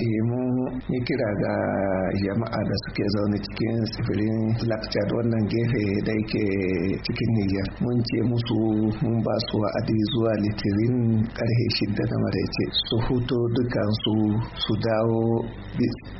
Eh, mu yi kira ga jama'a da suke zaune cikin sifirin lakcar wannan gefe da yake cikin niger mun ce musu mun ba su wa'adi zuwa litirin karhe shidda na maraice su huto dukansu su dawo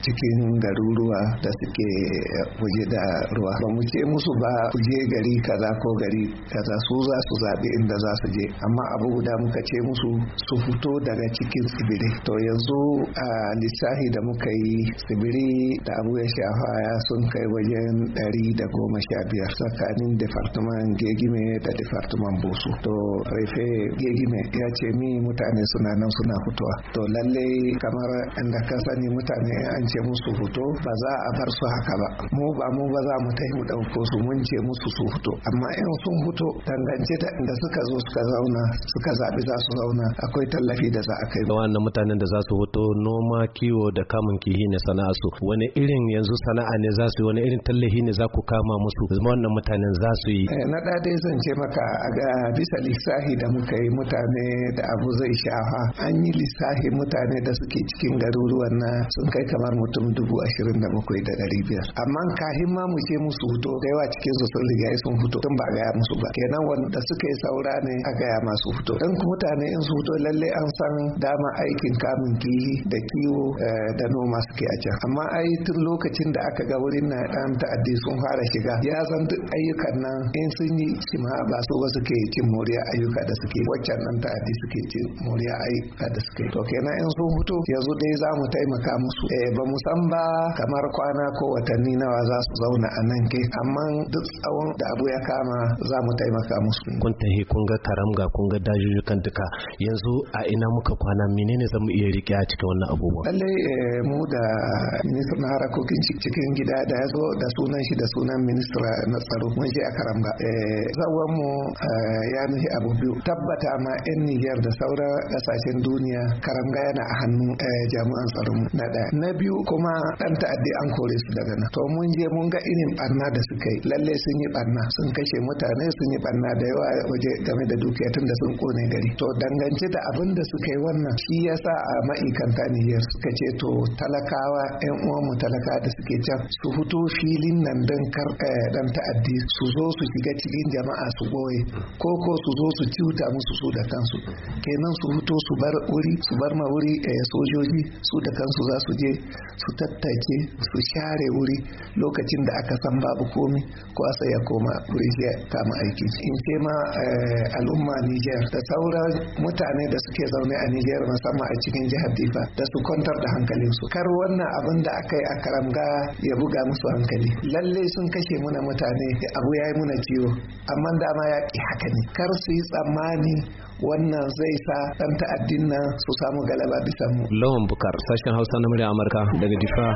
cikin garuruwa da suke eh, waje da ruwa ba mu ce musu ba ku gari kaza ko gari kaza su za su zaɓi inda za su je amma abu guda muka ce musu su fito daga cikin tsibiri to yanzu a lissafi da muka yi tsibiri da abu ya shafa ya sun kai wajen ɗari da goma sha biyar tsakanin departament gegime da departament busu to refe gegime ya ce mi mutane suna nan suna fitowa to lalle kamar inda ka sani mutane an ce musu fito ba za a bar su haka ba mu ba mu ba za mu taimu ɗauko su mun ce musu su fito amma in sun fito dangance da inda suka zo suka zauna suka zaɓi za su zauna akwai tallafi da za a kai wannan mutanen da za su fito noma kiwo da kamun kihi ne sana'a su wani irin yanzu sana'a ne za su yi wani irin tallahi ne za ku kama musu wannan mutanen za su yi eh, na da dai zan ce maka ga bisa lissahi da muka yi mutane da abu zai shafa an yi lissahi mutane da suke cikin garuruwan na sun kai kamar mutum dubu ashirin da bakwai da ɗari biyar amma kahin ma mu ce musu fito da yawa cikin su sun riga sun fito tun ba gaya musu ba kenan wanda suka yi saura ne a gaya masu fito dan mutane in su fito lalle an san dama aikin kamun kihi da kiwo Eh, da noma suke a can amma ai tun lokacin da aka ga wurin na dan ta'addi sun fara shiga ya san duk ayyukan nan in sun yi shi ma ba su ba suke cin moriya ayyuka da suke waccan nan ta'addi suke cin moriya ayyuka da suke to kenan in sun fito yanzu dai za mu taimaka musu eh ba mu san ba kamar kwana ko watanni nawa za su zauna a nan ke amma duk tsawon da abu ya kama za mu taimaka musu kun tahi kun ga ga kun ga dajujukan duka yanzu a ina muka kwana menene zamu iya rike a cikin wannan abubuwa lallai eh, mu da ministan harakokin cikin gida da ya zo da sunan shi da sunan ministra na tsaro mun shi a karamba zauwan eh, mu eh, ya nuhi abu biyu tabbata ma yan niger da sauran kasashen duniya karanga yana a hannun jami'an tsaro mu na daya na biyu kuma dan ta'addi an kore su daga nan to mun je mun ga irin barna da suka yi lallai sun yi barna sun kashe mutane sun yi barna da yawa waje game da dukiya tun da sun kone gari to dangance da abin da suka yi wannan shi yasa a ma'aikanta niger ka ce to talakawa yan uwanmu talaka da suke can su fito filin nan don dan eh, ta'addi su zo su shiga cikin jama'a su goye ko ko su zo su ciuta musu su da kansu kenan su fito su bar wuri su bar ma wuri eh, sojoji su da kansu za su je su tattace su share wuri lokacin da aka san babu komi ko a ya koma wuri ya kama aiki in ce ma eh, al'umma Niger da sauran mutane da suke zaune a Niger musamman a cikin jihar Difa da su kwanta kwantar da su kar wannan abin da aka yi a karamga ya buga musu hankali lalle sun kashe muna mutane abu ya yi muna ciwo amma dama ya ƙi haka ne kar su yi tsammani wannan zai sa ɗan ta'addin nan su samu galaba bisa mu lawan bukar sashen hausa na murya amurka daga difa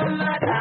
Muhammad